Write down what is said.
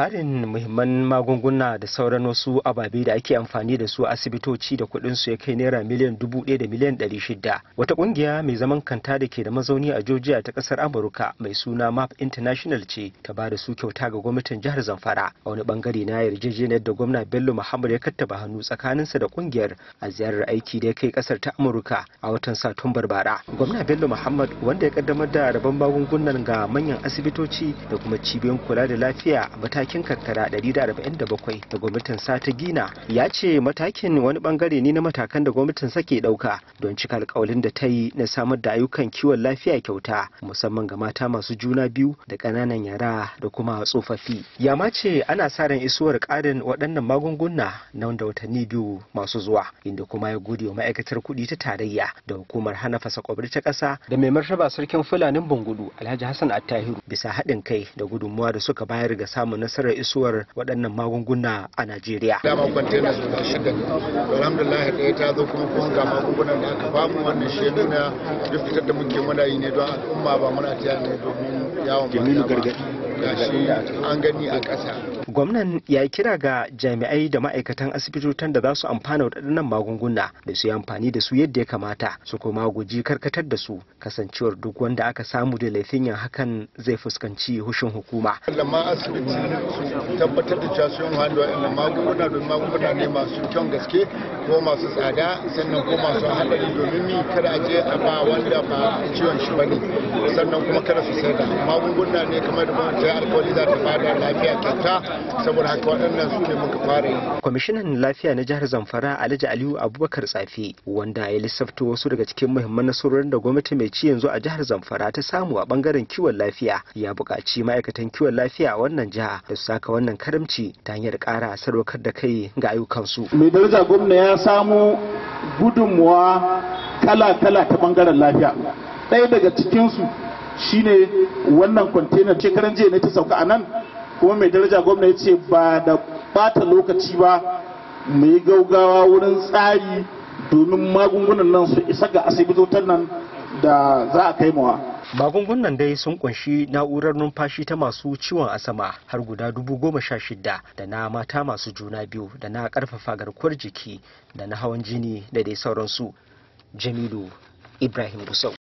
tarin muhimman magunguna da sauran wasu ababe da ake amfani da su asibitoci da kuɗinsu ya kai naira miliyan dubu ɗaya da miliyan ɗari shida wata ƙungiya mai zaman kanta da ke da mazauni a jojiya ta ƙasar Amurka mai suna MAP International ce ta ba da su kyauta ga gwamnatin jihar Zamfara a wani bangare na yarjejeniyar da gwamna Bello Muhammad ya kattaba hannu sa da ƙungiyar a ziyarar aiki da ya kai ƙasar ta Amurka a watan Satumbar bara gwamna Bello Muhammad wanda ya kaddamar da rabon magungunan ga manyan asibitoci da kuma cibiyoyin kula da lafiya a mataki matakin kankara 147 da gwamnatin sa ta gina ya ce matakin wani bangare ne na matakan da gwamnatin sa ke dauka don cika alkawalin da ta yi na samar da ayyukan kiwon lafiya kyauta musamman ga mata masu juna biyu da ƙananan yara da kuma tsofaffi yama ce ana sa ran isuwar ƙarin waɗannan magunguna nan da watanni biyu masu zuwa inda kuma ya gode wa ma'aikatar kuɗi ta tarayya da hukumar hana fasa kwabri ta ƙasa da mai martaba sarkin fulanin bungudu alhaji hassan attahiru bisa haɗin kai da gudunmuwa da suka bayar ga samun nasarar isuwar waɗannan magunguna a Najeriya. Dama kwantena guda shida ne. Alhamdulillah ɗaya ta zo kuma kun ga magungunan da aka bamu wannan shi nuna duk fitar da muke muna yi ne don al'umma ba muna tiya ne domin yawon ba. Jamilu gargaɗi. Gashi an gani a ƙasa. gwamnan ya kira ga jami'ai da ma'aikatan asibitocin da za su amfana waɗannan magunguna da su yi amfani da su yadda ya kamata su kuma guji karkatar da su kasancewar duk wanda aka samu da laifin yin hakan zai fuskanci hushin hukuma. Lamma asibiti su tabbatar da cewa sun hando magunguna magunguna ne masu kyan gaske ko masu tsada sannan ko masu haɗari domin mi kada a je a ba wanda ba ciwon shi bane sannan kuma kada su sayar magunguna ne kamar da ba ta alkawali za ta bada lafiya kyauta saboda haka waɗannan su ne muka fara yi kwamishinan lafiya na jihar zamfara alhaji aliyu abubakar tsafi wanda ya lissafto wasu daga cikin muhimman nasarorin da gwamnati mai ci yanzu a jihar zamfara ta samu a bangaren kiwon lafiya ya buƙaci ma'aikatan kiwon lafiya a wannan jiha da su saka wannan karamci ta hanyar ƙara sadaukar da kai ga ayyukansu mai daraja gwamna ya samu gudunmuwa kala-kala ta bangaren lafiya ɗaya daga cikinsu shine wannan kwantena shekaran jiya ne ta sauka a nan kuma mai daraja gwamna ya ce ba da bata lokaci ba mai gaugawa wurin tsari domin magungunan nan su isa ga asibitotan nan da za a kai mawa. magungunan dai sun kunshi na'urar numfashi ta masu ciwon asama har guda dubu goma sha shida da na mata masu juna biyu da na karfafa garkuwar jiki da na hawan jini da dai sauransu jamilu ibrahim busau